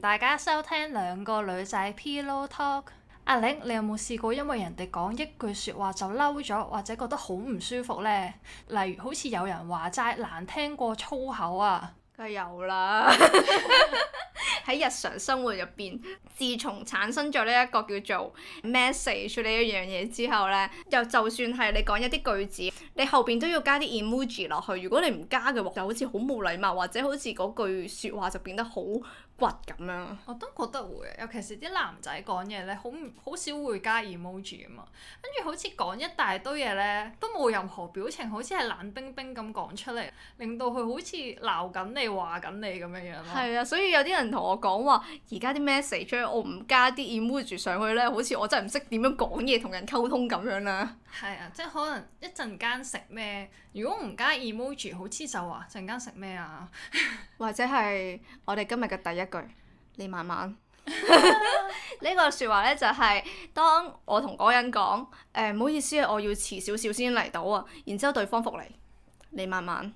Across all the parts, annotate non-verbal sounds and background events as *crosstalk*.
大家收聽兩個女仔 Pillow Talk。阿玲，你有冇試過因為人哋講一句說話就嬲咗，或者覺得好唔舒服呢？例如好似有人話齋，難聽過粗口啊，梗係有啦。喺 *laughs* *laughs* *laughs* 日常生活入邊，自從產生咗呢一個叫做 message 呢一樣嘢之後呢，又就算係你講一啲句子，你後邊都要加啲 emoji 落去。如果你唔加嘅話，就好似好冇禮貌，或者好似嗰句說話就變得好骨咁樣，我都覺得會，尤其是啲男仔講嘢咧，好好少會加 emoji 啊嘛。跟住好似講一大堆嘢咧，都冇任何表情，好似係冷冰冰咁講出嚟，令到佢好似鬧緊你、話緊你咁樣樣咯。係啊，所以有啲人同我講話，而家啲 message 我唔加啲 emoji 上去咧，好似我真係唔識點樣講嘢同人溝通咁樣啦。係啊，即係可能一陣間食咩？如果唔加 emoji，好似就話一陣間食咩啊？或者係我哋今日嘅第一句，你慢慢。呢 *laughs* *laughs* 個説話咧就係、是、當我同嗰人講，誒、呃、唔好意思啊，我要遲少少先嚟到啊，然之後對方復你，你慢慢。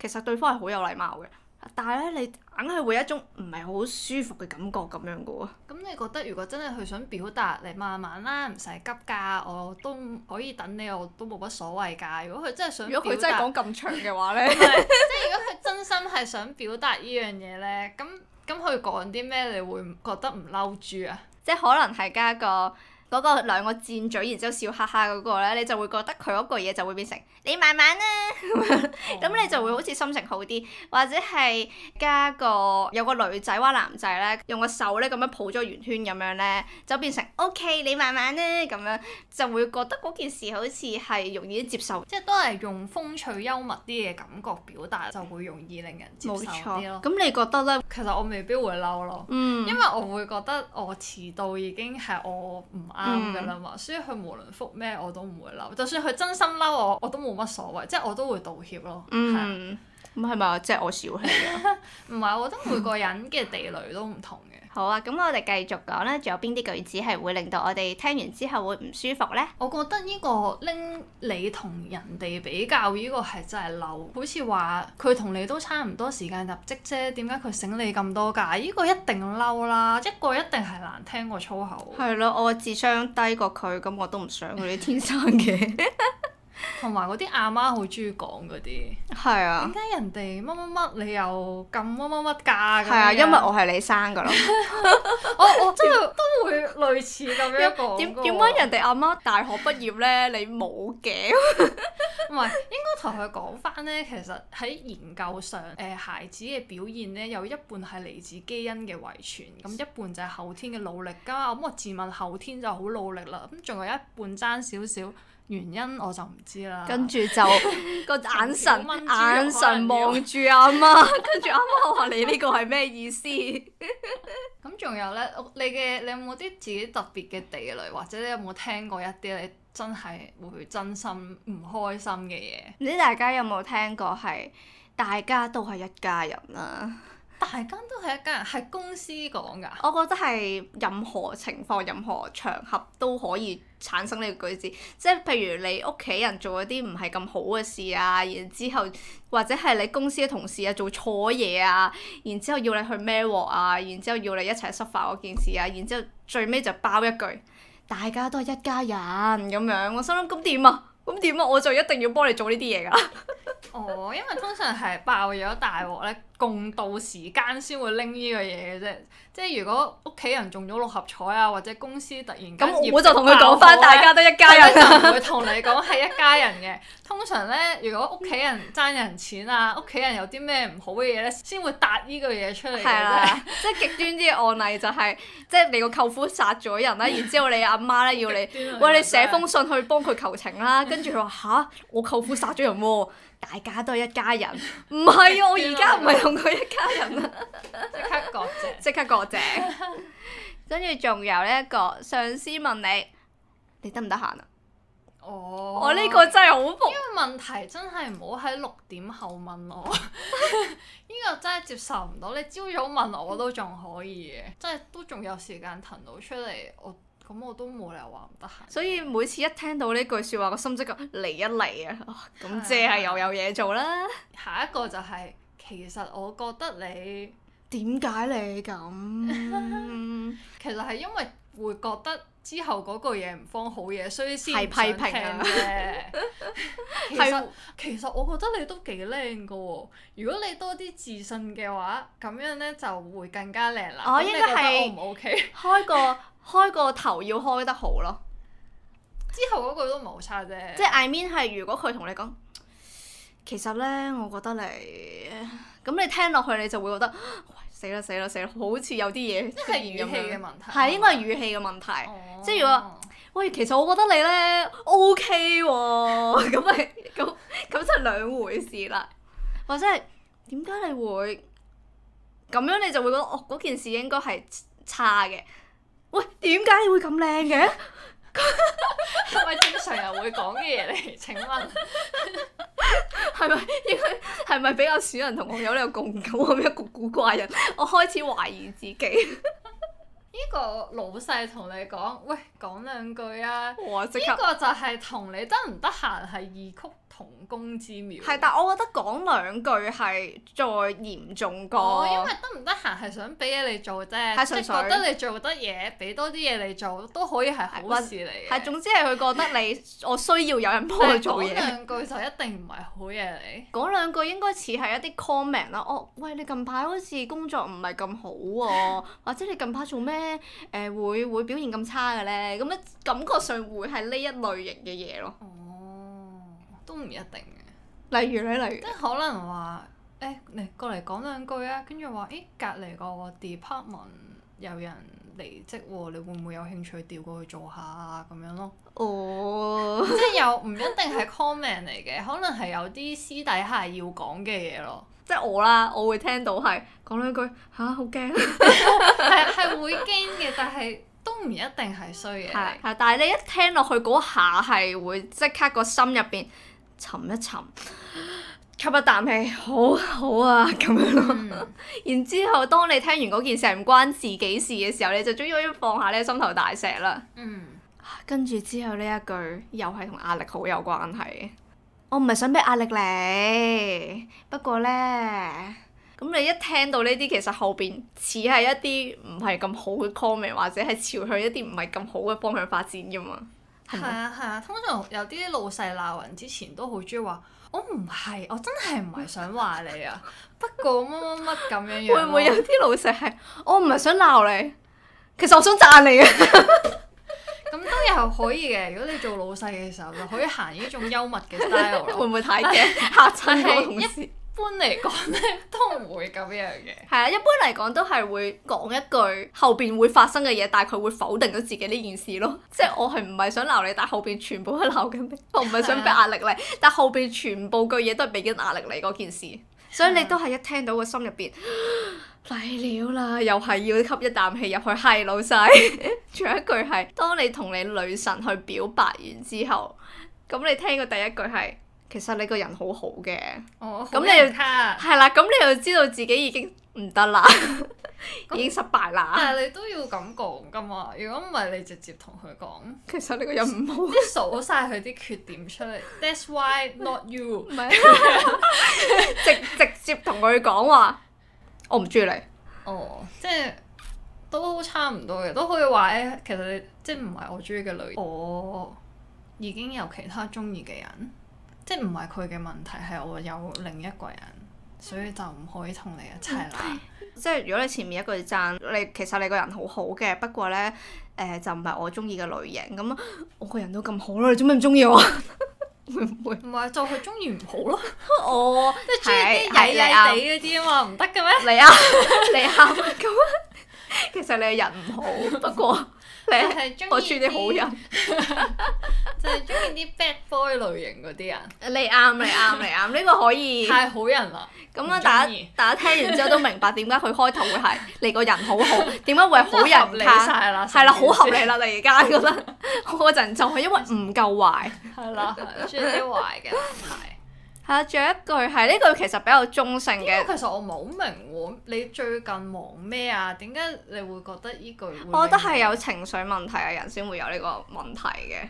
其實對方係好有禮貌嘅。但係咧，你硬係會有一種唔係好舒服嘅感覺咁樣嘅喎。咁你覺得如果真係佢想表達，你慢慢啦，唔使急㗎，我都可以等你，我都冇乜所謂㗎。如果佢真係想，如果佢真係講咁長嘅話咧，即係如果佢真心係想表達呢樣嘢咧，咁咁佢講啲咩你會覺得唔嬲豬啊？即係可能係加個。嗰個兩個箭嘴，然之後笑哈哈嗰個咧，你就會覺得佢嗰個嘢就會變成你慢慢啦、啊，咁 *laughs* 你就會好似心情好啲，或者係加個有個女仔或男仔呢，用個手呢咁樣抱咗個圓圈咁樣呢，就變成 OK 你慢慢呢、啊、咁樣就會覺得嗰件事好似係容易接受，即係都係用風趣幽默啲嘅感覺表達，就會容易令人接受啲咯。冇錯，咁你覺得呢？其實我未必會嬲咯，嗯、因為我會覺得我遲到已經係我唔啱。啱嘅啦嘛，嗯、所以佢無論覆咩我都唔會嬲，就算佢真心嬲我我都冇乜所謂，即係我都會道歉咯。嗯，嗯，咁係咪即係我小氣啊？唔係， *laughs* *laughs* 我覺得每個人嘅地雷都唔同嘅。好啊，咁我哋繼續講啦。仲有邊啲句子係會令到我哋聽完之後會唔舒服呢？我覺得呢個拎你同人哋比較，呢個係真係嬲。好似話佢同你都差唔多時間入職啫，點解佢醒你咁多㗎？呢個一定嬲啦，一個一定係難聽過粗口。係咯啊，我智商低過佢，咁我都唔想佢啲天生嘅。 *laughs* *laughs* 同埋嗰啲阿媽好中意講嗰啲，係啊，點解人哋乜乜乜你又咁乜乜乜㗎？係啊，因為我係你生噶咯、 *laughs* *laughs* 哦。我我真係 *laughs* 都會類似咁樣講。點解人哋阿媽大學畢業咧，你冇嘅？唔 *laughs* 係應該同佢講翻咧，其實喺研究上，誒、呃、孩子嘅表現咧有一半係嚟自基因嘅遺傳，咁一半就係後天嘅努力噶。咁我自問後天就好努力啦，咁仲有一半爭少少。原因我就唔知啦。跟住就個眼神， *laughs* 眼神望住阿媽， *laughs* 跟住阿媽話：你呢個係咩意思？咁仲 *laughs* 有咧，你嘅你有冇啲自己特別嘅地雷，或者你有冇聽過一啲你真係會真心唔開心嘅嘢？唔知大家有冇聽過係大家都係一家人啦？大家都係一家人，喺公司講㗎。我覺得係任何情況、任何場合都可以。產生呢個舉止，即係譬如你屋企人做咗啲唔係咁好嘅事啊，然之後或者係你公司嘅同事啊做錯嘢啊，然之後要你去孭鑊啊，然之後要你一齊執法嗰件事啊，然之後最尾就包一句大家都係一家人咁樣，我心諗咁點啊，咁點啊，我就一定要幫你做呢啲嘢㗎喇。哦，因為通常係爆咗大鑊咧，共度時間先會拎呢個嘢嘅啫。即係如果屋企人中咗六合彩啊，或者公司突然咁，我就同佢講返，大家都一家人，就唔 *laughs* 會同你講係一家人嘅。通常咧，如果屋企人爭人錢啊，屋企人有啲咩唔好嘅嘢咧，先會答呢個嘢出嚟嘅 *laughs* *laughs* 即係極端啲嘅案例就係、是，即係你個舅父殺咗人啦， *laughs* 然之後你阿媽咧要你，喂你寫封信去幫佢求情啦，跟住佢話吓，我舅父殺咗人喎。 *laughs* 大家都係一家人，唔係啊！我而家唔係同佢一家人啊！即 *laughs* 刻割席，即刻割席。跟住仲有呢、這、一個上司問你，你得唔得閒啊？哦，我呢個真係好，呢個問題真係唔好喺六點後問我。呢 *laughs* *laughs* 個真係接受唔到，你朝早問我我都仲可以嘅，即係都仲有時間騰到出嚟我。咁我都冇理由話唔得閒。所以每次一聽到呢句説話，個心即刻嚟一嚟啊！咁即係又有嘢做啦。下一個就係、是，其實我覺得你點解你咁？ *laughs* 其實係因為會覺得之後嗰個嘢唔方好嘢，所以先批想聽啫。批 *laughs* 其實 *laughs* 其實我覺得你都幾靚噶喎，如果你多啲自信嘅話，咁樣呢就會更加靚啦。我、哦、覺得我唔 OK。開個開個頭要開得好咯，之後嗰句都唔係好差啫。即係 I mean 係如果佢同你講，其實呢，我覺得你，咁你聽落去你就會覺得，死啦死啦死啦，好似有啲嘢。即係語氣嘅問題。係，應該係語氣嘅問題。哦、即係如果喂，其實我覺得你呢 OK 喎、啊，咁咪咁咁就兩回事啦。或者係點解你會咁樣？你就會覺得哦，嗰件事應該係差嘅。喂，點解你會咁靚嘅？係咪正常人會講嘅嘢嚟？請問係咪？應該係咪比較少人同我有呢個共感咁一個古怪人？我開始懷疑自己 *laughs* 。呢個老細同你講，喂，講兩句啊！哇，直頭。呢個就係同你得唔得閒係異曲。同工之妙。係，但係我覺得講兩句係再嚴重過。哦，因為得唔得閒係想俾嘢你做啫，即想的純粹 覺得你做得嘢，俾多啲嘢你做都可以係好事嚟的。係的，總之係佢覺得你我需要有人幫佢做嘢。嗰兩句就一定唔係好嘢嚟。嗰兩句應該似係一啲 comment 啦。哦，喂，你近排好似工作唔係咁好喎，啊， *laughs* 或者你近排做咩誒、呃、會會表現咁差嘅咧？咁樣感覺上會係呢一類型嘅嘢咯，嗯。都唔一定嘅，例如你，例如即係可能話誒你過嚟講兩句啊，跟住話誒隔籬嗰個 department 有人離職喎，你會唔會有興趣調過去做下咁樣咯？哦、喔，即係又唔一定係 comment 嚟嘅，可能係有啲私底下要講嘅嘢咯。即係我啦，我會聽到係講兩句，吓好驚，係係 *laughs* *laughs* 會驚嘅，但係都唔一定係衰嘢。但係你一聽落去嗰下係會即刻個心入邊。沉一沉，吸一啖氣，好好啊咁樣咯。嗯、然之後，當你聽完嗰件事唔關自己事嘅時候，你就終於放下你嘅心頭大石啦。跟住、嗯、之後呢一句，又係同壓力好有關係嘅。我唔係想俾壓力你，不過呢，咁你一聽到呢啲，其實後邊似係一啲唔係咁好嘅 comment，或者係朝向一啲唔係咁好嘅方向發展噶嘛。係啊係啊，通常有啲老細鬧人之前都好中意話：我唔係，我真係唔係想話你 *laughs* 什麼什麼啊。會不過乜乜乜咁樣樣，會唔會有啲老細係我唔係想鬧你？其實我想讚你啊。咁都又可以嘅。如果你做老細嘅時候，就可以行呢種幽默嘅 style， *laughs* *laughs* 會唔會太驚是嚇親我同事？一般嚟講咧，都唔會咁樣嘅。係啊，一般嚟講都係會講一句後邊會發生嘅嘢，但佢會否定咗自己呢件事咯。即係我係唔係想鬧你，但係後邊全部都鬧緊你，我唔係想俾壓力你，啊、但係後邊全部句嘢都係俾緊壓力你嗰件事。所以你都係一聽到個心入邊，嚟、啊啊、了啦，又係要吸一啖氣入去，係老細。仲 *laughs* 有一句係，當你同你女神去表白完之後，咁你聽過第一句係？其實你個人好好嘅，哦，咁你又係啦，咁你又知道自己已經唔得啦，已經失敗啦。但係你都要咁講㗎嘛，如果唔係你直接同佢講，其實你個人唔好。數晒佢啲缺點出嚟，That's why not you。唔係直直接同佢講話，我唔中意你。哦，即係都差唔多嘅，都可以話誒，其實你即係唔係我中意嘅女。哦，已經有其他中意嘅人。即係唔係佢嘅問題，係我有另一個人，所以就唔可以同你一齊啦。嗯、 即係如果你前面一句讚，你其實你個人好好嘅，不過咧，誒、呃、就唔係我中意嘅類型。咁我個人都咁好啦，你做咩唔中意我？會唔會唔係 *laughs* 就係中意唔好咯？ *laughs* 我即係中意啲曳曳哋嗰啲啊嘛，唔得嘅咩？你啊你啊咁啊！ *laughs* 其實你嘅人唔好，不過。你係中意我中意啲好人， *laughs* 就係中意啲 bad boy 類型嗰啲人。你啱，你啱，你啱，呢個可以 *laughs* 太好人啦。咁大家大家聽完之後都明白點解佢開頭會係 *laughs* 你個人好好，點解會係好人攤？係啦，好合理啦，你而家覺得我嗰 *laughs* *laughs* *laughs* 陣就係因為唔夠壞。係 *laughs* 啦， *laughs* 中意啲壞嘅。係啊，仲有一句係呢句其實比較中性嘅。其實我唔係好明喎，啊。你最近忙咩啊？點解你會覺得呢句會？我覺得係有情緒問題嘅人先會有呢個問題嘅。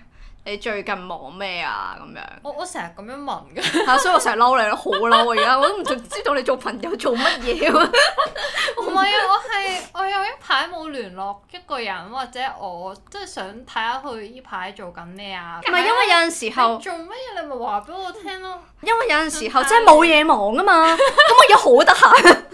你最近忙咩啊？咁樣，我我成日咁樣問嘅，所以，我成日嬲你咯，好嬲啊！而家我都唔知同你做朋友做乜嘢。唔係啊，我係我有一排冇聯絡一個人，或者我即係想睇下佢依排做緊咩啊。唔係是因為有陣時候，做乜嘢你咪話俾我聽咯、嗯。因為有陣時候是真係冇嘢忙啊嘛，咁我有好得閒。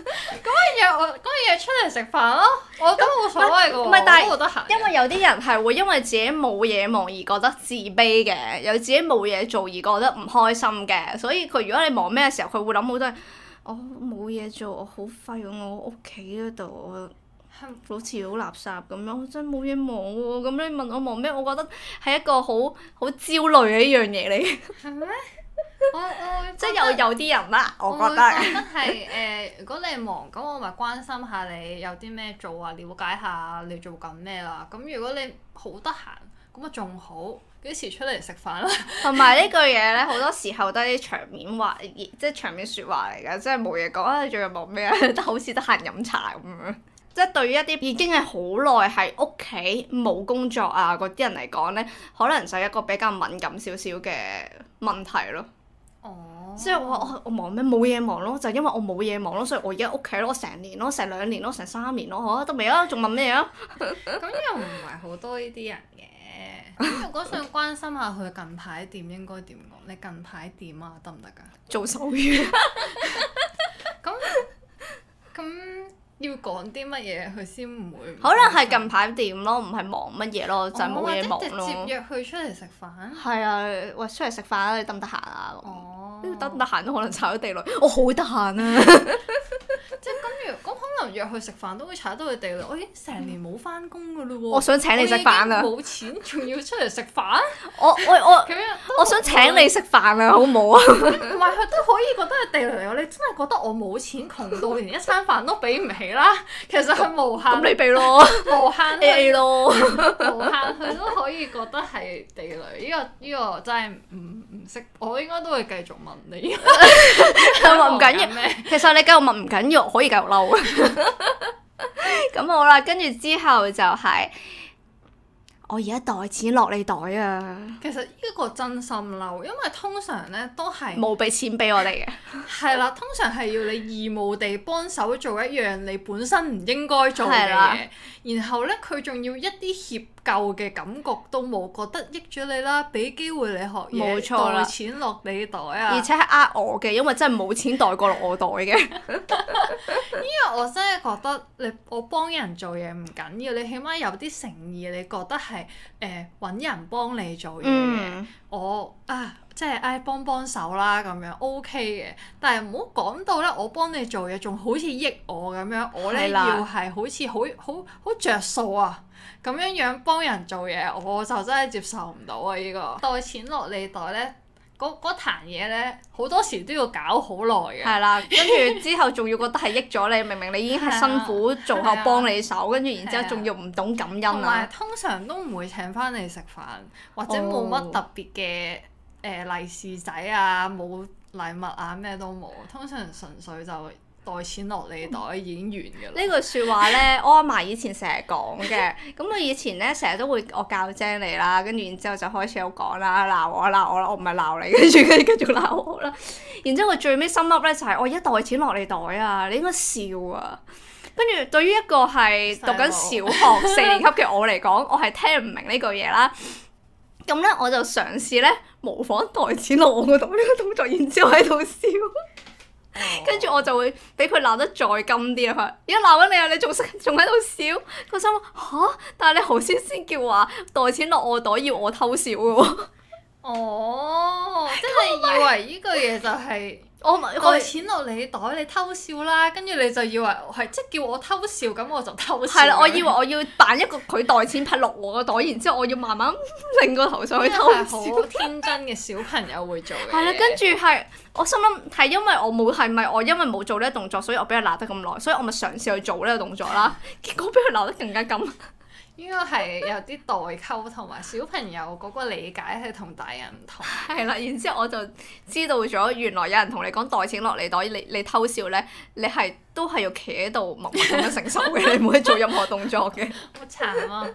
嗰個嘢出嚟食飯咯！我都冇所謂嘅，但但我都覺得閒。因為有啲人係會因為自己冇嘢忙而覺得自卑嘅，有自己冇嘢做而覺得唔開心嘅，所以佢如果你忙咩嘅時候，佢會諗好多嘢。我冇嘢做，我好廢喎！我屋企嗰度，我好似好垃圾咁樣，我真係冇嘢忙喎、啊！咁你問我忙咩？我覺得係一個好好焦慮嘅一樣嘢嚟。我我即係有有啲人啦，我會覺得真係誒，如果你忙咁，我咪關心下你有啲咩做啊，了解下你做緊咩啦。咁如果你好得閒，咁咪仲好，幾時出嚟食飯啦？同埋呢句嘢咧，好多時候都係啲場面話，即係場面説話嚟㗎，即係冇嘢講啊！最近忙咩啊？都好似得閒飲茶咁樣。 *laughs* 即係對於一啲已經係好耐喺屋企冇工作啊嗰啲人嚟講咧，可能就係一個比較敏感少少嘅問題咯。即係我我我忙咩？冇嘢忙咯，就係、因為我冇嘢忙咯，所以我而家屋企咯，成年咯，成兩年咯，成三年咯，好啊，得未啊？仲問咩啊？咁又唔係好多呢啲人嘅。咁我想關心下佢近排點應該點講？你近排點啊？得唔得㗎？做手語。 *laughs* *laughs* 咁咁要講啲乜嘢佢先唔會不？可能係近排點咯，唔係忙乜嘢咯，就冇、係、嘢忙咯。哦、直接約佢出嚟食飯。係啊，喂，出嚟食飯啊？你得唔得閒啊？哦你得唔得閒都可能踩咗地雷，我好得閒啊！約佢食飯都會查到佢地雷，我已經成年冇翻工㗎啦喎，我已經冇錢，仲要出嚟食飯。我我我，我想請你食飯啊，好唔好啊？唔係佢都可以覺得係地雷，我你真係覺得我冇錢，窮到連一餐飯都俾唔起啦。其實佢無限， *laughs* 你俾給咯， *laughs* 無限他 A A 了咯， *laughs* 無限佢都可以覺得係地雷。呢、這個呢、這個真係唔唔識，我應該都會繼續問你。問唔緊要咩？其實你繼續問唔緊要，可以繼續嬲。 *laughs* 咁 *laughs* 好啦，跟住之後就係我而家袋錢落你袋啊！其實依個真心嬲，因為通常咧都係冇俾錢俾我哋嘅，係啦，通常係要你義務地幫手做一樣你本身唔應該做嘅嘢，啦然後咧佢仲要一啲協。舊嘅感覺都冇，覺得益咗你啦，俾機會你學嘢，冇錯，袋錢落你袋啊！而且係呃我嘅，因為真係冇錢袋過落我袋嘅。 *laughs* *laughs* 因為我真係覺得你我幫人做嘢唔緊要，你起碼有啲誠意，你覺得係誒揾人幫你做嘢，嗯、我啊即係唉，幫幫手啦咁樣 OK 嘅。但係唔好講到咧，我幫你做嘢仲好似益我咁樣，我咧的要係好似好好好着數啊！咁樣樣幫人做嘢，我就真係接受唔到啊！呢、呢個袋錢落你袋呢，嗰嗰壇嘢呢，好多時都要搞好耐嘅。係啦，跟住之後仲要覺得係益咗你，明明你已經係辛苦做下幫你手，跟住 *laughs* 然之後仲要唔懂感恩啊！ *laughs* 通常都唔會請翻你食飯，或者冇乜特別嘅誒利是仔啊，冇禮物啊，咩都冇，通常純粹就。袋錢落你袋已經完嘅、哦、呢句説話咧， *laughs* 我阿嫲以前成日講嘅。咁佢以前咧，成日都會我教精你啦，跟住然之後就開始有講啦，鬧我鬧我啦，我唔係鬧你，跟住跟住繼續鬧我啦。然之後佢最尾心諗咧就係、是、我一袋錢落你袋啊，你應該笑啊。跟住對於一個係讀緊小學四年級嘅我嚟講， *laughs* 我係聽唔明呢句嘢啦。咁咧我就嘗試咧模仿袋錢落我袋呢個動作，然之後喺度笑。跟住、oh。我就會俾佢鬧得再金啲啦！佢話而家鬧緊你啊，你仲識仲喺度笑，我心話嚇，但係你頭先先叫話袋錢落我袋，要我偷笑嘅喎。哦，oh, *laughs* 即係你以為呢個嘢就係、是。 *laughs* 我咪對我錢落你袋，你偷笑啦！跟住你就以為係即係叫我偷笑咁，我就偷笑。係啦，我以為我要扮一個佢袋錢拍落我個袋，然之後我要慢慢擰個頭上去偷笑。呢個係好天真嘅小朋友會做嘅。係啦， *laughs* 跟住係我心諗係因為我冇係咪我因為冇做呢個動作，所以我俾佢鬧得咁耐，所以我咪嘗試去做呢個動作啦。結果俾佢鬧得更加咁。應該係有啲代溝，同埋小朋友嗰個理解係同大人唔同。係啦，然之後我就知道咗，原來有人同你講袋錢落你袋，你你偷笑咧，你係都係要企喺度默默咁樣承受嘅， *laughs* 你唔可以做任何動作嘅。好慘啊！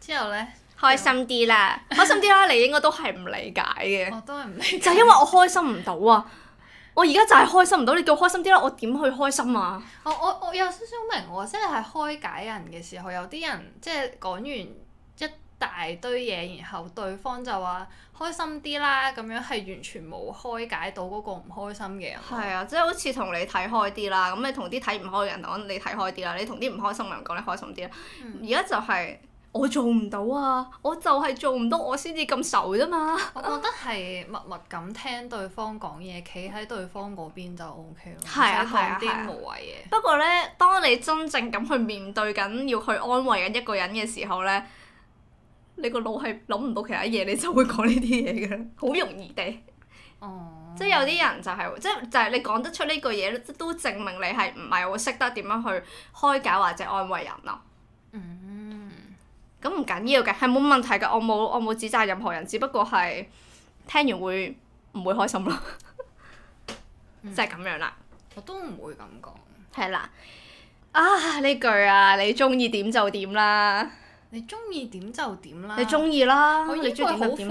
之後咧，開心啲啦，開心啲啦，你應該都係唔理解嘅。 *laughs* 我都係唔理解。就因為我開心唔到啊！我而家就係開心唔到，你叫我開心啲啦！我點去開心啊？哦、我我我有少少明喎、哦，即係開解人嘅時候，有啲人即係講完一大堆嘢，然後對方就話開心啲啦，咁樣係完全冇開解到嗰個唔開心嘅人，、嗯嗯、人。係啊，即係好似同你睇開啲啦，咁你同啲睇唔開嘅人講你睇開啲啦，你同啲唔開心嘅人講你開心啲啦。而家、嗯、就係、係。我做唔到啊！我就係做唔到，我先至咁愁啫嘛。我覺得係默默咁聽對方講嘢，企喺對方嗰邊就 OK 咯。係 *laughs* 啊係啊，啊，啊，不過咧，當你真正咁去面對緊，要去安慰緊一個人嘅時候咧，你個腦係諗唔到其他嘢，你就會講呢啲嘢㗎，好容易地。哦、 *laughs* 嗯就是。即係有啲人就係，即係就係你講得出呢句嘢，都證明你係唔係好識得點樣去開解或者安慰人咯、啊。嗯。咁唔緊要嘅，係冇問題嘅。我冇我冇指責任何人，只不過係聽完會唔會開心咯、 *laughs* 嗯，即係咁樣啦。我都唔會咁講。係啦，啊呢句啊，你中意點就點啦。你中意點就點啦，你中意啦，我亦都係好晦氣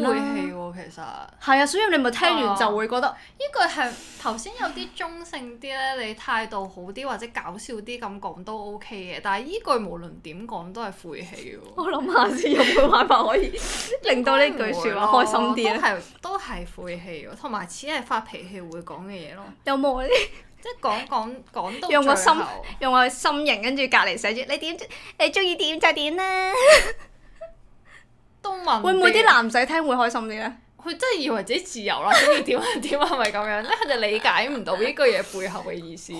喎、喔，其實。係啊，所以你咪聽完就會覺得、啊。呢句係頭先有啲中性啲咧，你態度好啲或者搞笑啲咁講都 OK 嘅，但係呢句無論點講都係晦氣喎。我諗下先有冇辦法可以 *laughs* *laughs* 令到呢句説話開心啲咧？都係晦氣喎，同埋似係發脾氣會講嘅嘢咯。有冇沒呢？ *laughs* 即係講講講到用個心，用個心形跟住隔離寫住你點，你中意點就點啦。 *laughs* 都問你會唔會啲男仔聽會開心啲咧？佢真係以為自己自由啦，中意點就點係咪咁樣咧？佢哋理解唔到呢句嘢背後嘅意思。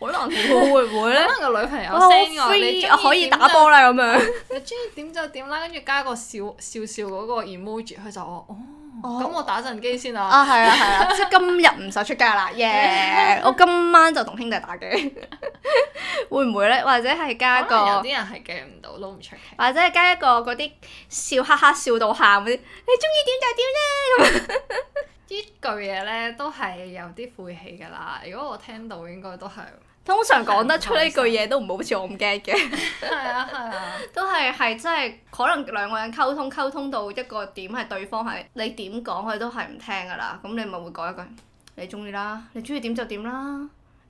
可能，會唔會咧？可能個女朋友 send 我， *laughs* 你我可以打波啦咁樣。你中意點就點啦，跟住加個笑笑笑嗰個 emoji，佢就話哦。咁、哦、我打陣機先啦！啊係啊係啊，即、啊啊啊、今日唔使出街啦，耶！ *laughs* yeah，我今晚就同兄弟打機， *laughs* *laughs* 會唔會咧？或者係加一個？有啲人係 get 唔到，都唔出奇。或者係加一個嗰啲笑哈哈笑，笑，笑，笑到喊嗰啲，你中意 *laughs* 點就點啫！呢句嘢咧都係有啲晦氣㗎啦，如果我聽到應該都係。通常講得出呢句嘢都唔好似我咁 get 嘅。係啊，係啊。都係係，真係可能兩個人溝通溝通到一個點係對方係你點講佢都係唔聽㗎啦，咁你咪會講一句你中意啦，你中意點就點啦，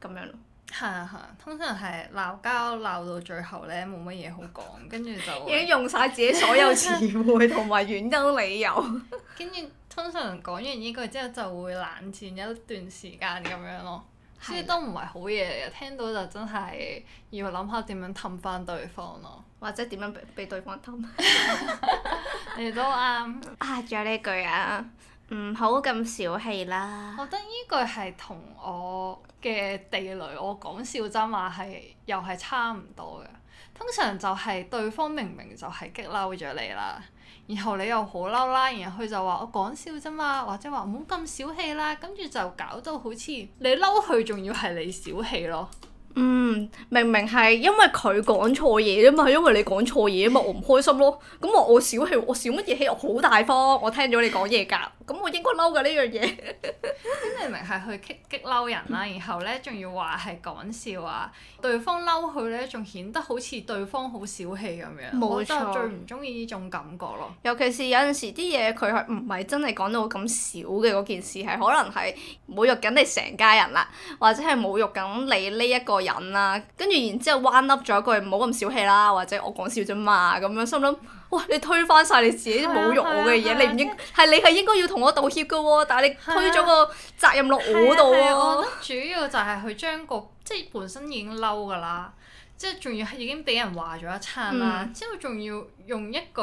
咁樣咯。係啊， *laughs* *laughs* *laughs* *laughs* *laughs* *laughs* *laughs* 係。通常係鬧交鬧到最後咧，冇乜嘢好講，跟住就已經用晒自己所有詞彙同埋原因理由，跟住通常講完呢句之後就會冷戰一段時間咁樣咯。即係都唔係好嘢，聽到就真係要諗下點樣氹翻對方咯，或者點樣畀畀對方氹。 *laughs* *laughs* *laughs* 你都啱對。啊，仲有呢句啊，唔好咁小氣啦。我覺得呢句係同我嘅地雷，我講笑，真話係又係差唔多㗎。通常就係對方明明就係激嬲咗你啦。然後你又好嬲啦，然後佢就話我講笑啫嘛，或者話唔好咁小氣啦，跟住就搞到好似你嬲佢，仲要係你小氣咯。嗯，明明係因為佢講錯嘢啫嘛，因為你講錯嘢啊嘛，我唔開心咯。咁我 *laughs* 我小氣，我小乜嘢氣？我好大方，我聽咗你講嘢㗎。 *laughs* 咁我應該嬲㗎呢樣嘢，咁 *laughs* 明明係去激激嬲人啦、啊，然後咧仲要話係講笑啊，對方嬲佢咧，仲顯得好似對方好小氣咁樣，錯我真係最唔中意呢種感覺咯。尤其是有陣時啲嘢佢係唔係真係講到咁小嘅嗰件事，係可能係侮辱緊你成家人啦，或者係侮辱緊你呢一個人啦，跟住然之後彎笠咗句唔好咁小氣啦，或者我講笑啫嘛咁樣心諗。哇！你推翻晒你自己侮辱我嘅嘢，你唔應係你係應該要同我道歉嘅喎，但係你推咗個責任落我度，啊啊啊，我覺得主要就係佢將個即係本身已經嬲噶啦，即係仲要係已經俾人話咗一餐啦，嗯，之後仲要用一句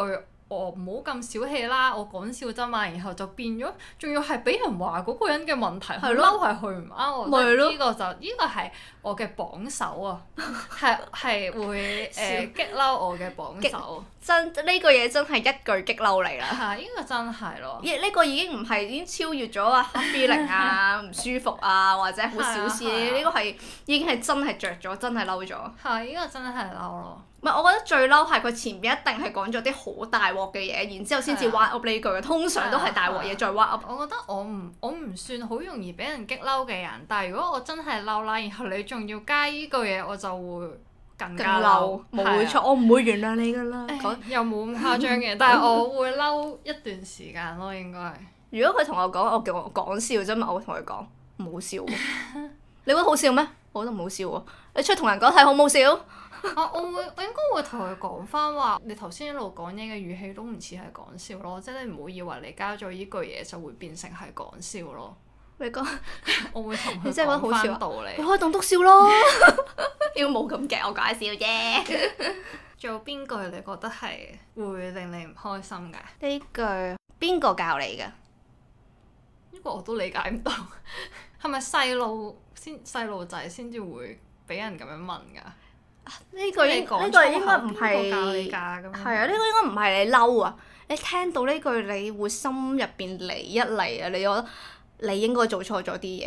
我唔好咁小氣啦，我講笑啫嘛，然後就變咗，仲要係俾人話嗰個人嘅問題係嬲係去唔啱我。係咯，啊。呢個就呢、呢個係。呢個我嘅榜首啊，係係會誒激嬲我嘅榜首，真呢個嘢真係一句激嬲嚟啦。係啊！呢個真係咯。呢個已經唔係已經超越咗啊 feeling 啊，唔舒服啊，或者好小事。呢個係已經係真係著咗，真係嬲咗。係呢個真係嬲咯。唔係我覺得最嬲係佢前邊一定係講咗啲好大鑊嘅嘢，然之後先至 wind up 呢句。通常都係大鑊嘢再 wind up。我覺得我唔我唔算好容易俾人激嬲嘅人，但係如果我真係嬲啦，然後你。仲要加依句嘢，我就會更加嬲，冇會、啊、錯，我唔會原諒你㗎啦。唉說又冇咁誇張嘅，嗯、但係我會嬲一段時間咯，應該係。 *laughs* 如果佢同我講，我叫我講笑啫嘛，我會同佢講冇笑。你覺得好笑咩？ *laughs* 我覺得冇笑喎。你出去同人講睇好冇笑， *laughs* 、啊？我會，我應該會同佢講返話。你頭先一路講嘢嘅語氣都唔似係講笑咯，即、就、係、是、你唔好以為你加咗依句嘢就會變成係講笑咯。你講，我會同佢講翻，你真係覺得好笑？道理。我開棟篤笑咯，要冇咁嘅。我介紹啫。仲有邊句你覺得係會令你唔開心㗎？呢句邊個教你㗎？呢個我都理解唔到，係咪細路先細路仔先至會俾人咁樣問㗎？呢句呢句應該唔係。係啊，呢個應該唔係你嬲啊！你聽到呢句，你會心入邊嚟一嚟啊！你覺得？你應該做錯咗啲嘢，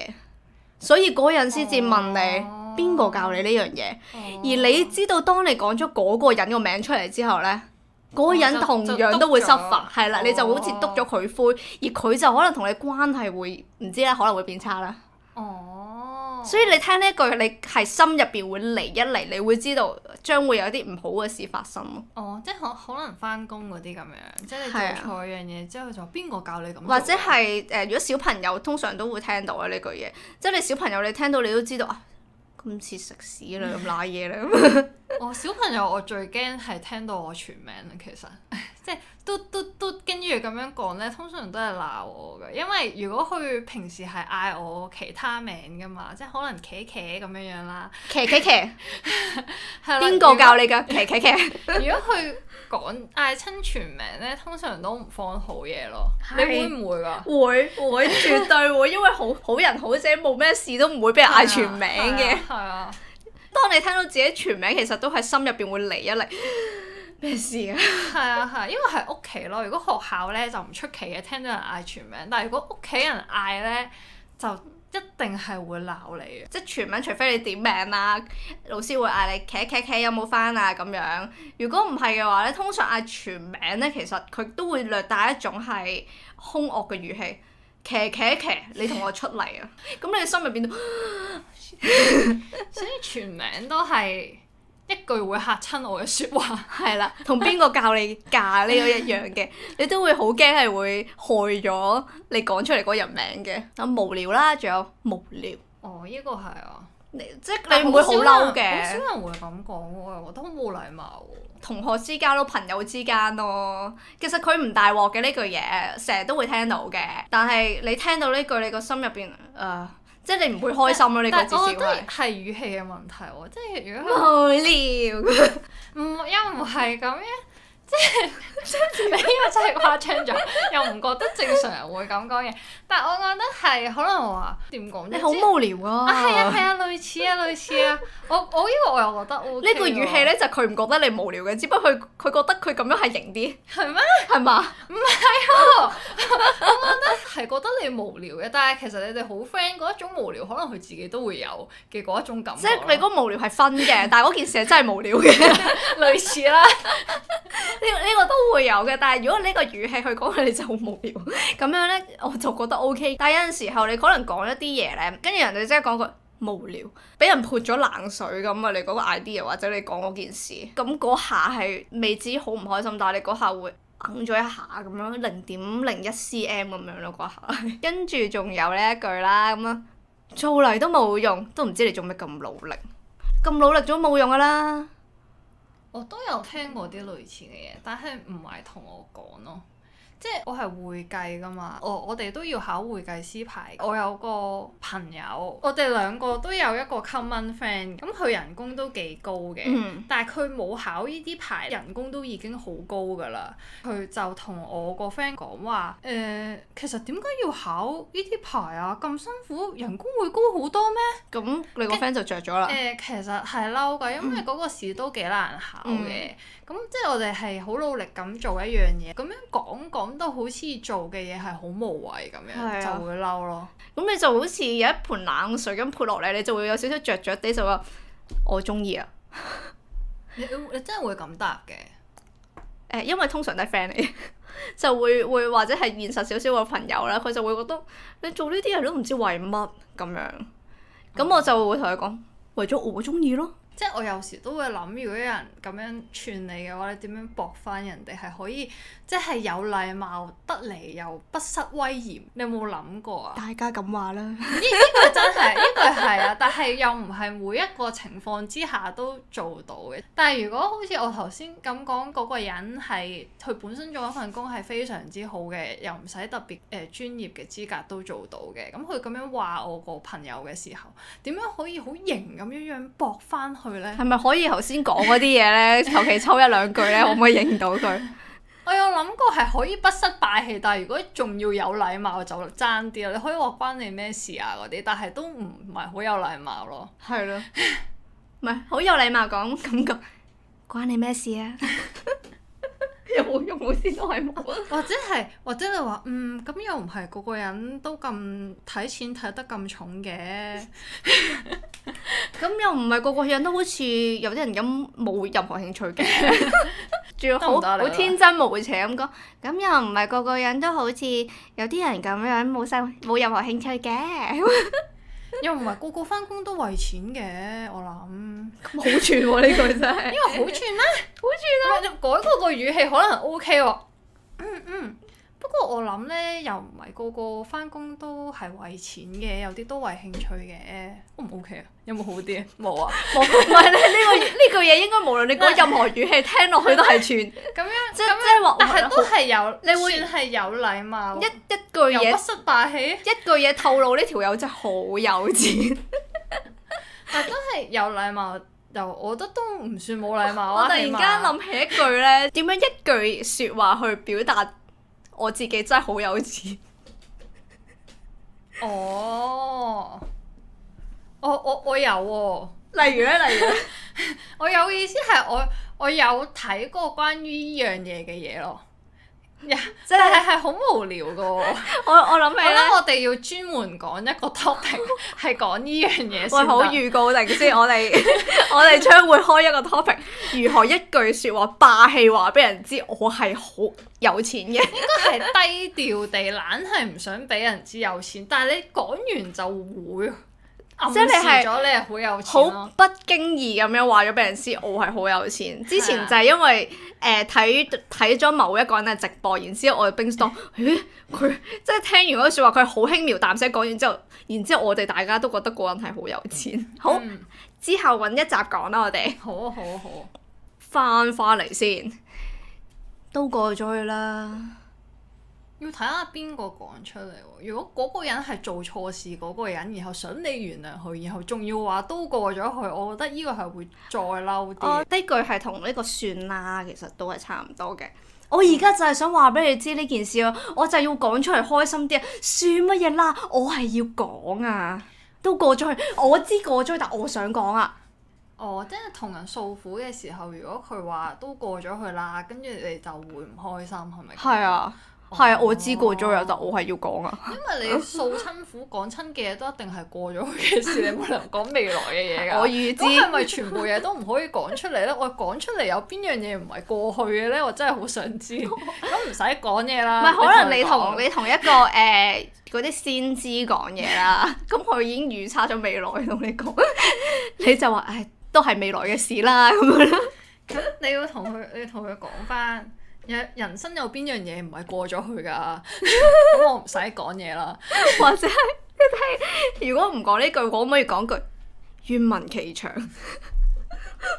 所以嗰個人先至問你邊個、哦、教你呢樣嘢，哦、而你知道當你講咗嗰個人個名出嚟之後咧，嗰個、嗯、人同樣都會失發，係啦、嗯，你就會好似篤咗佢灰，哦、而佢就可能同你關係會唔知咧，可能會變差啦。哦所以你聽呢句，你係心入邊會嚟一嚟，你會知道將會有啲唔好嘅事發生咯。哦，即係可可能翻工嗰啲咁樣，即係你做錯一樣嘢，的之後就邊個教你咁？或者係誒、呃、如果小朋友通常都會聽到啊呢句嘢，即係你小朋友你聽到你都知道啊，咁似食屎啦咁賴嘢啦咁。我小朋友我最驚係聽到我全名啦，其實。即係都都都跟住咁樣講咧，通常都係鬧我㗎。因為如果佢平時係嗌我其他名㗎嘛，即係可能茄茄咁樣樣啦。茄茄茄係咯。邊個 *laughs* 教你㗎？茄茄茄。如果佢講嗌親全名咧，通常都唔放好嘢咯。是你會唔會㗎？會，會絕對會，因為好好人好者冇咩事都唔會俾人嗌全名嘅。係啊。啊啊 *laughs* 當你聽到自己全名，其實都喺心入邊會嚟一嚟。咩事啊？係 *laughs* 啊係、啊，因為係屋企咯。如果學校咧，就唔出奇嘅，聽到人嗌全名。但係如果屋企人嗌咧，就一定係會鬧你嘅， *laughs* 即係全名。除非你點名啦，老師會嗌你騎騎騎，有冇返啊咁樣。如果唔係嘅話咧，通常嗌全名咧，其實佢都會略帶一種係兇惡嘅語氣，騎騎騎，你同我出嚟啊！咁 *laughs* 你心入邊都， *laughs* *laughs* 所以全名都係。一句會嚇親我嘅説話，係啦， *laughs* 同邊個教你嫁呢個 *laughs* 一樣嘅，你都會好驚係會害咗你講出嚟嗰人名嘅。咁無聊啦，仲有無聊。哦，呢、呢個係啊，你即係但 你唔會好嬲嘅。好少人會咁講喎，我都好冇禮貌喎、啊。同學之間咯，朋友之間咯，其實佢唔大鑊嘅呢句嘢，成日都會聽到嘅。但係你聽到呢句，你個心入邊誒？呃即係你唔會開心咯、啊，但你個自己係語氣嘅問題喎、啊，即係如果無聊，唔又唔係咁樣。即係張志明呢個真係誇張咗， *laughs* 又唔覺得正常人會咁講嘢。 *laughs* 但我覺得係可能我話點講？你好無聊啊！係 *laughs* 啊係啊，啊，類似啊類似啊。 *laughs* 我我呢個我又覺得呢、okay、個語氣咧就佢唔覺得你無聊嘅，只不過佢佢覺得佢咁樣係型啲。係咩？係嘛？唔係我覺得係覺得你無聊嘅，但係其實你哋好 friend 嗰一種無聊，可能佢自己都會有嘅嗰一種感覺。即係你嗰無聊係分嘅， *laughs* 但係嗰件事係真係無聊嘅， *laughs* *laughs* 類似啦了。 *laughs* 呢呢、 *laughs* 呢個都會有嘅，但係如果呢個語氣去講，你就好無聊。咁 *laughs* 樣呢，我就覺得 O、OK、K。但係有陣時候，你可能講一啲嘢呢，跟住人哋即係講句無聊，俾人潑咗冷水咁啊！你嗰個 idea 或者你講嗰件事，咁嗰下係未知好唔開心，但係你嗰下會揞咗一下咁樣，零點零一 cm 咁樣咯嗰下。跟住仲有呢一句啦，咁啊做嚟都冇用，都唔知你做咩咁努力，咁努力都冇用噶啦。我都有聽過啲類似嘅嘢，但係唔係同我講咯。即係我係會計噶嘛，哦、我我哋都要考會計師牌。我有個朋友，我哋兩個都有一個 common friend，咁佢人工都幾高嘅，嗯、但係佢冇考呢啲牌，人工都已經好高噶啦。佢就同我個 friend 講話，誒，其實點解要考呢啲牌啊？咁辛苦，人工會高好多咩？咁你個 friend 就着咗啦。誒、欸、其實係嬲㗎，因為嗰個試都幾難考嘅。咁、嗯嗯、即係我哋係好努力咁做一樣嘢，咁樣講講。都好似做嘅嘢係好無謂咁樣，啊、就會嬲咯。咁你就好似有一盆冷水咁潑落嚟，你就會有少少着着地，就話我鍾意啊。 *laughs* 你你真係會咁答嘅？誒，因為通常都係 friend 嚟，嘅， *laughs* 就會會或者係現實少少嘅朋友啦。佢就會覺得你做呢啲嘢都唔知為乜咁樣。咁我就會同佢講，哦、為咗我鍾意咯。即係我有時都會諗，如果有人咁樣串你嘅話，你點樣駁翻人哋係可以，即係有禮貌得嚟又不失威嚴，你有冇諗過啊？大家咁話啦，呢、呢個真係呢個係啊，但係又唔係每一個情況之下都做到嘅。但係如果好似我頭先咁講嗰個人係佢本身做一份工係非常之好嘅，又唔使特別誒專業嘅資格都做到嘅。咁佢咁樣話我個朋友嘅時候，點樣可以好型咁樣樣駁翻？係咪可以頭先講嗰啲嘢呢？求其 *laughs* 抽一兩句呢，可唔可以認到佢？我有諗過係可以不失霸氣，但係如果仲要有禮貌就爭啲啦。你可以話關你咩事啊嗰啲，但係都唔係好有禮貌咯。係咯了，唔係好有禮貌講感覺，關你咩事啊？ *laughs* *laughs* 又冇用，冇先都係冇。或者係，或者你話嗯咁又唔係個個人都咁睇錢睇得咁重嘅。 *laughs* 咁又唔係個個人都好似有啲人咁冇任何興趣嘅，仲要好好天真無邪咁講。咁又唔係個個人都好似有啲人咁樣冇心冇任何興趣嘅。 *laughs* 又唔係個個返工都為錢嘅，我諗咁好串呢句真係，因為好串啦，好串啦。改過個語氣可能 OK 哦。嗯嗯。不過我諗咧，又唔係個個返工都係為錢嘅，有啲都為興趣嘅，都唔 OK 啊！有冇好啲？冇啊！冇。唔係，你呢個呢句嘢應該無論你講任何語氣，聽落去都係串。咁樣即係即係話唔係。但係都係有，算係有禮貌。一一句嘢，一句嘢透露呢條友真係好有錢。但係真係有禮貌，又我覺得都唔算冇禮貌。我突然間諗起一句咧，點樣一句説話去表達？我自己真係好有錢， *laughs* 哦！我我我有喎，哦啊，例如咧、啊，例如咧，我有意思係我我有睇過關於依樣嘢嘅嘢咯。即係係好無聊噶， *laughs* 我我諗起咧，我哋要專門講一個 topic 係講呢樣嘢先，我好預告定先，我哋 *laughs* *laughs* 我哋將會開一個 topic，如何一句説話霸氣話俾人知我係好有錢嘅？應該係低調地，懶係唔想俾人知有錢，但係你講完就會。即係你係暗示咗你係好有錢，好不經意咁樣話咗俾人知，我係好有錢。之前就係因為誒睇睇咗某一個人嘅直播，然之後我哋冰刀，咦佢即係聽完嗰句說話，佢好輕描淡寫講完之後，然之後我哋大家都覺得嗰個人係好有錢。好，嗯、之後揾一集講啦，我哋。好啊，好啊，好啊。翻翻嚟先，都過咗去啦。要睇下邊個講出嚟喎。如果嗰個人係做錯事嗰個人，然後想你原諒佢，然後仲要話都過咗去，我覺得呢個係會再嬲啲。哦，呢句係同呢個算啦，其實都係差唔多嘅。嗯、我而家就係想話俾你知呢件事咯，我就要講出嚟開心啲啊！算乜嘢啦，我係要講啊！都過咗去，我知過咗去，但我想講啊。哦，即係同人訴苦嘅時候，如果佢話都過咗去啦，跟住你就會唔開心，係咪？係啊。係啊，我知過咗有、哦、但我係要講啊。因為你訴親苦講親嘅嘢都一定係過咗嘅事，你冇理由講未來嘅嘢㗎。我預知係咪全部嘢都唔可以講出嚟咧？我講出嚟有邊樣嘢唔係過去嘅咧？我真係好想知。咁唔使講嘢啦。唔係，可能你同你同一個誒嗰啲先知講嘢啦。咁佢 *laughs* 已經預測咗未來同你講， *laughs* 你就話唉、哎，都係未來嘅事啦咁樣。咁你要同佢，你要同佢講翻。 *laughs* *laughs* 人生有邊樣嘢唔係過咗去噶咁 *laughs* 我唔使講嘢啦， *laughs* 或者係即係如果唔講呢句，我可唔可以講句願聞其詳？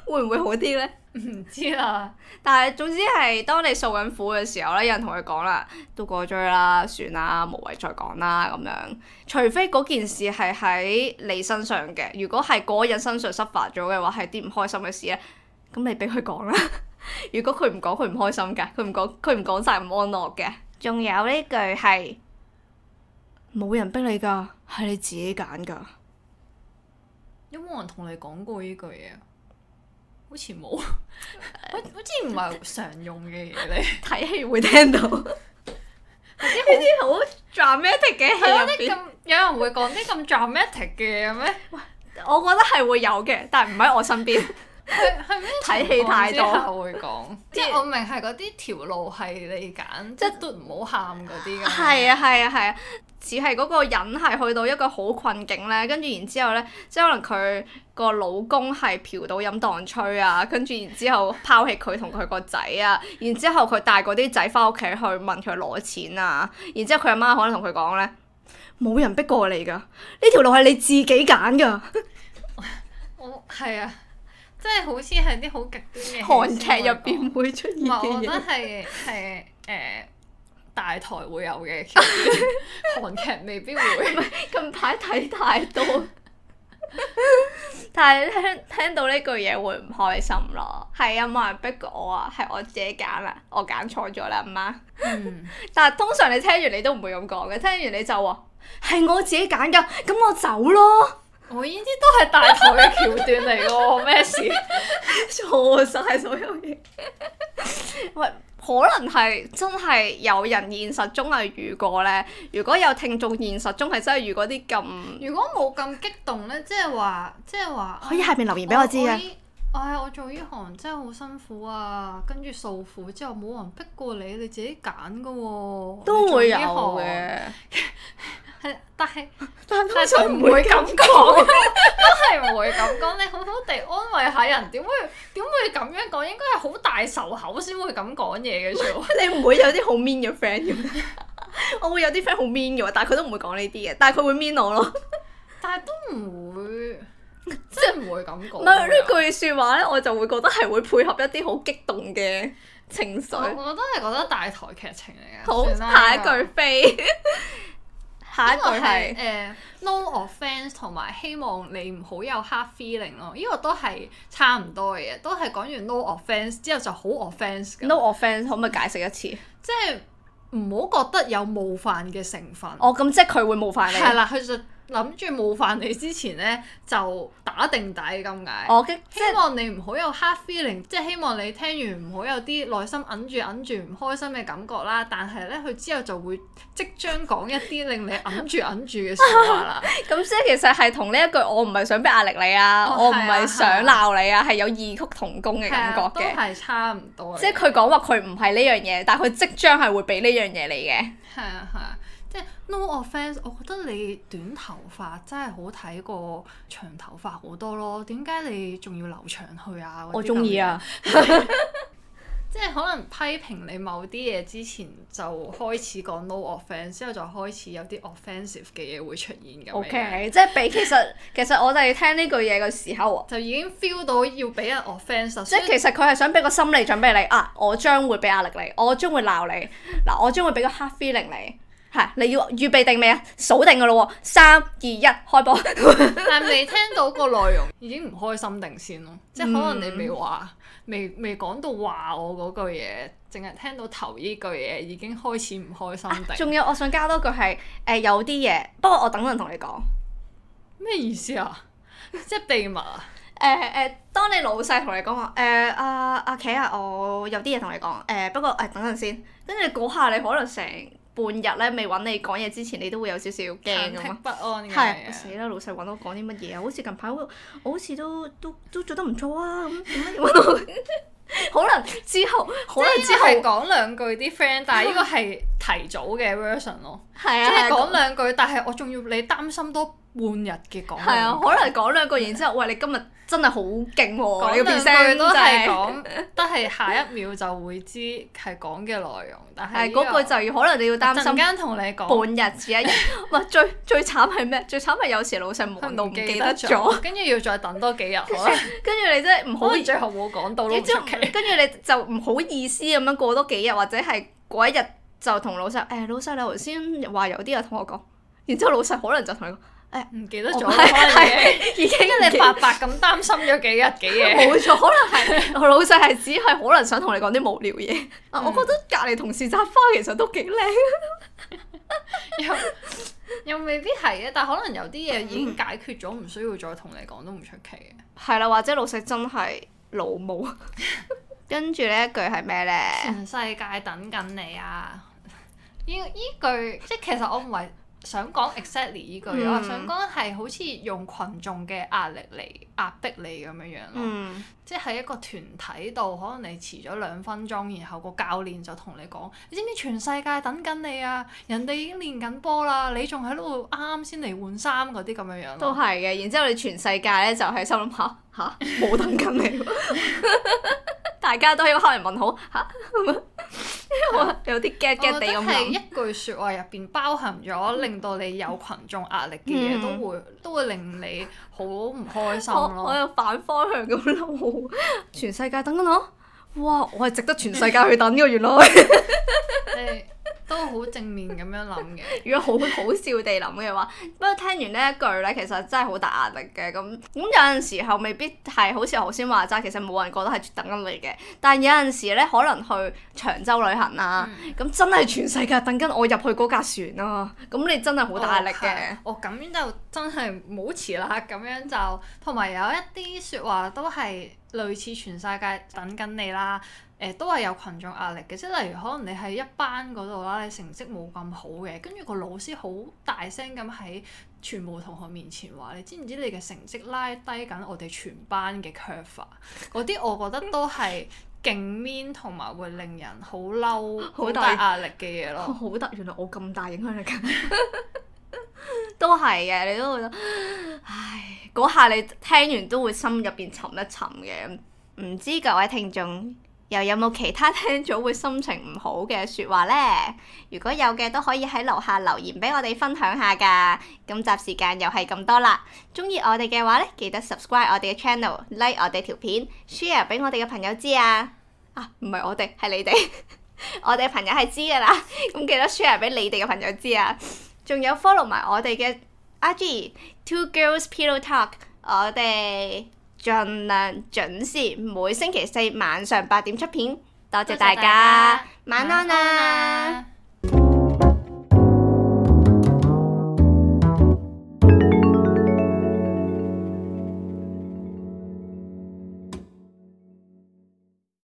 會唔會好啲咧？唔知啦。但係總之係當你受緊苦嘅時候咧，有人同你講啦，都過咗去啦，算啦，無謂再講啦咁樣。除非嗰件事係喺你身上嘅，如果係嗰人身上失發咗嘅話，係啲唔開心嘅事咧，咁你俾佢講啦。 *laughs* 如果佢唔講，佢唔開心噶，佢唔講，佢唔講晒唔安樂嘅。仲有呢句係冇人逼你噶，係你自己揀噶。有冇人同你講過呢句嘢？好似冇，呃、好似唔係常用嘅嘢，呃、你睇戲會聽到，啲好啲好 dramatic 嘅戲入邊，咁有人會講啲咁 dramatic 嘅嘢咩？ *laughs* 我覺得係會有嘅，但係唔喺我身邊。 *laughs* 睇戲太多，我，我會講。 *laughs* 即係我明係嗰啲條路係你揀，即係都唔好喊嗰啲咁。係啊係啊係啊！只係嗰個人係去到一個好困境咧，跟住然之後咧，即係可能佢個老公係嫖賭飲蕩吹啊，跟住然之後拋棄佢同佢個仔啊，然之後佢帶嗰啲仔翻屋企去問佢攞錢啊，然之後佢阿媽可能同佢講咧，冇 *laughs* 人逼過你噶，呢條路係你自己揀噶。 *laughs* *laughs* *laughs* 我係啊。即係好似係啲好極端嘅韓劇入邊會出現，我覺得係係誒大台會有嘅，韓劇，有 *laughs* 韓劇未必會。唔係，近排睇太多， *laughs* *laughs* 但係聽聽到呢句嘢會唔開心咯。係 *laughs* 啊，冇人逼我啊，係我自己揀啦，我揀錯咗啦，阿媽，媽。嗯， *laughs* 但係通常你聽完你都唔會咁講嘅，聽完你就話係我自己揀㗎，咁我走咯。我呢啲都係大台嘅橋段嚟㗎，咩事錯曬 *laughs* 所有嘢？ *laughs* 喂，可能係真係有人現實中係遇過咧。如果有聽眾現實中係真係遇過啲咁，如果冇咁激動咧，即係話，即係話可以下面留言俾我知啊。唉，我做呢行真係好辛苦啊！跟住訴苦之後冇人逼過你，你自己揀㗎喎。都會有嘅。但係但係就唔會咁講， *laughs* *laughs* 都係唔會咁講。你好好地安慰下人，點會點會咁樣講？應該係好大仇口先會咁講嘢嘅啫。 *laughs* 你唔會有啲好 mean 嘅 friend 嘅咩？ *laughs* *laughs* 我會有啲 friend 好 mean 嘅，但係佢都唔會講呢啲嘅，但係佢會 mean 我咯。但係都唔。即係唔會咁講。唔係呢句說話呢，我就會覺得係會配合一啲好激動嘅情緒。我都係覺得大台劇情嚟嘅。好，了下一句飛。這個、下一句係 n o o f f e n s e 同埋希望你唔好有 hard feeling 咯。呢個都係差唔多嘅嘢，都係講完 no o f f e n s e 之後就好 o f f e n s e no o f f e n s e 可唔可以解釋一次？即係唔好覺得有冒犯嘅成分。哦，咁即係佢會冒犯你。係啦，佢就。諗住冒犯你之前咧，就打定底咁解。我 Okay, 希望你唔好有 hard feeling，即係希望你聽完唔好有啲內心揞住揞住唔開心嘅感覺啦。但係咧，佢之後就會即將講一啲令你揞住揞住嘅說話啦。咁即係其實係同呢一句我唔係想俾壓力你啊，哦、我唔係想鬧你啊，係、嗯、有異曲同工嘅感覺嘅、嗯。都係差唔多。即係佢講話佢唔係呢樣嘢，但係佢即將係會俾呢樣嘢你嘅。係啊係啊。即係 no offense 我覺得你短頭髮真係好睇過長頭髮好多咯。點解你仲要留長去啊？我中意啊！ *laughs* *laughs* 即係可能批評你某啲嘢之前就開始講 no offense 之後就開始有啲 offensive 嘅嘢會出現咁。OK， *laughs* 即係俾其實其實我哋聽呢句嘢嘅時候、啊，就已經 feel 到要俾人 offensive。即係其實佢係想俾個心理準備你啊，我將會俾壓力你，我將會鬧你，嗱我將會俾個 hard feeling 你。係，你要預備定未啊？數定噶咯，三二一，開波！ *laughs* 但未聽到個內容，已經唔開心定先咯。即係可能你未、嗯、話，未未講到話我嗰句嘢，淨係聽到頭呢句嘢，已經開始唔開心定。仲、啊、有，我想加多句係，誒、呃、有啲嘢，不過我等陣同你講。咩意思啊？ *laughs* 即係秘密啊？誒誒、呃呃，當你老細同你講話，誒、呃、啊啊，K 啊，我有啲嘢同你講，誒、呃、不過誒、呃、等陣先，跟住嗰下你可能成。半日咧未揾你講嘢之前，你都會有少少驚㗎嘛！忐忑不安嘅，係死啦！老細揾我講啲乜嘢啊？ *laughs* 好似近排我，我好似都都，都做得唔錯啊！咁點解要揾我？ *laughs* 可能之後，之後可能之後講兩句啲 friend， *laughs* 但係呢個係提早嘅 version 咯。即係講兩句，但係我仲要你擔心多。半日嘅講，係啊，可能講兩個，然之後喂，你今日真係好勁喎。講兩句都係講，都係下一秒就會知係講嘅內容，但係嗰句就要可能你要擔心。突然間同你講半日至一日，唔係最最慘係咩？最慘係有時老細忙到唔記得咗，跟住要再等多幾日。跟住你真係唔好，最後跟住你就唔好意思咁樣過多幾日，或者係過一日就同老細，誒老細，你頭先話有啲人同我講，然之後老細可能就同你講。誒唔、哎、記得咗，係、嗯、已經跟你白白咁擔心咗幾日幾夜了，冇錯，可能係老細係只係可能想同你講啲無聊嘢、嗯啊。我覺得隔離同事紮花其實都幾靚、嗯、 *laughs* 又又未必係嘅，但可能有啲嘢已經解決咗，唔、嗯、需要再同你講都唔出奇嘅。係啦、啊，或者老細真係老母 *laughs* 跟着。跟住呢一句係咩咧？全世界等緊你啊！依 *laughs* 依句即其實我唔係。想講 exactly 依句話，我話、嗯、想講係好似用群眾嘅壓力嚟壓迫你咁樣樣咯，嗯、即係一個團體度，可能你遲咗兩分鐘，然後個教練就同你講：你知唔知全世界等緊你啊？人哋已經練緊波啦，你仲喺度啱先嚟換衫嗰啲咁樣樣。都係嘅，然之後你全世界咧就喺心諗下：「嚇冇等緊你， *laughs* *laughs* *laughs* 大家都要黑人問號嚇。 *laughs* *music* 我有啲驚驚地咁諗，一句説話入邊包含咗令到你有群眾壓力嘅嘢，嗯、都會都會令你好唔開心咯我。我有反方向咁諗， *laughs* *laughs* 全世界等緊我，哇！我係值得全世界去等嘅原來。都好正面咁樣諗嘅，如果好好笑地諗嘅話， *laughs* 不過聽完呢一句呢，其實真係好大壓力嘅。咁咁有陣時候未必係好似頭先話齋，其實冇人覺得係等緊你嘅。但係有陣時呢，可能去長洲旅行啊，咁、嗯、真係全世界等緊我入去嗰架船咯、啊。咁你真係好大壓力嘅。哦，咁就真係唔好遲啦。咁樣就同埋有，有一啲説話都係類似全世界等緊你啦。誒都係有群眾壓力嘅，即係例如可能你喺一班嗰度啦，你成績冇咁好嘅，跟住個老師好大聲咁喺全部同學面前話：你知唔知你嘅成績拉低緊我哋全班嘅 curve？嗰啲我覺得都係勁 mean 同埋會令人好嬲，好大，大壓力嘅嘢咯。好得，原來我咁大影響力㗎， *laughs* 都係嘅。你都覺得，唉，嗰下你聽完都會心入邊沉一沉嘅。唔知各位聽眾。又有冇其他聽咗會心情唔好嘅説話呢？如果有嘅，都可以喺樓下留言俾我哋分享下噶。今集時間又係咁多啦。鍾意我哋嘅話咧，記得 subscribe 我哋嘅 channel，like 我哋條片，share 俾我哋嘅朋友知啊。啊，唔係我哋，係你哋。 *laughs* 我哋嘅朋友係知噶啦。咁 *laughs* 記得 share 俾你哋嘅朋友知啊。仲有 follow 埋我哋嘅 IG Two Girls Pillow Talk，我哋。盡量準時，每星期四晚上八點出片。多謝大家，大家晚安啦，啊。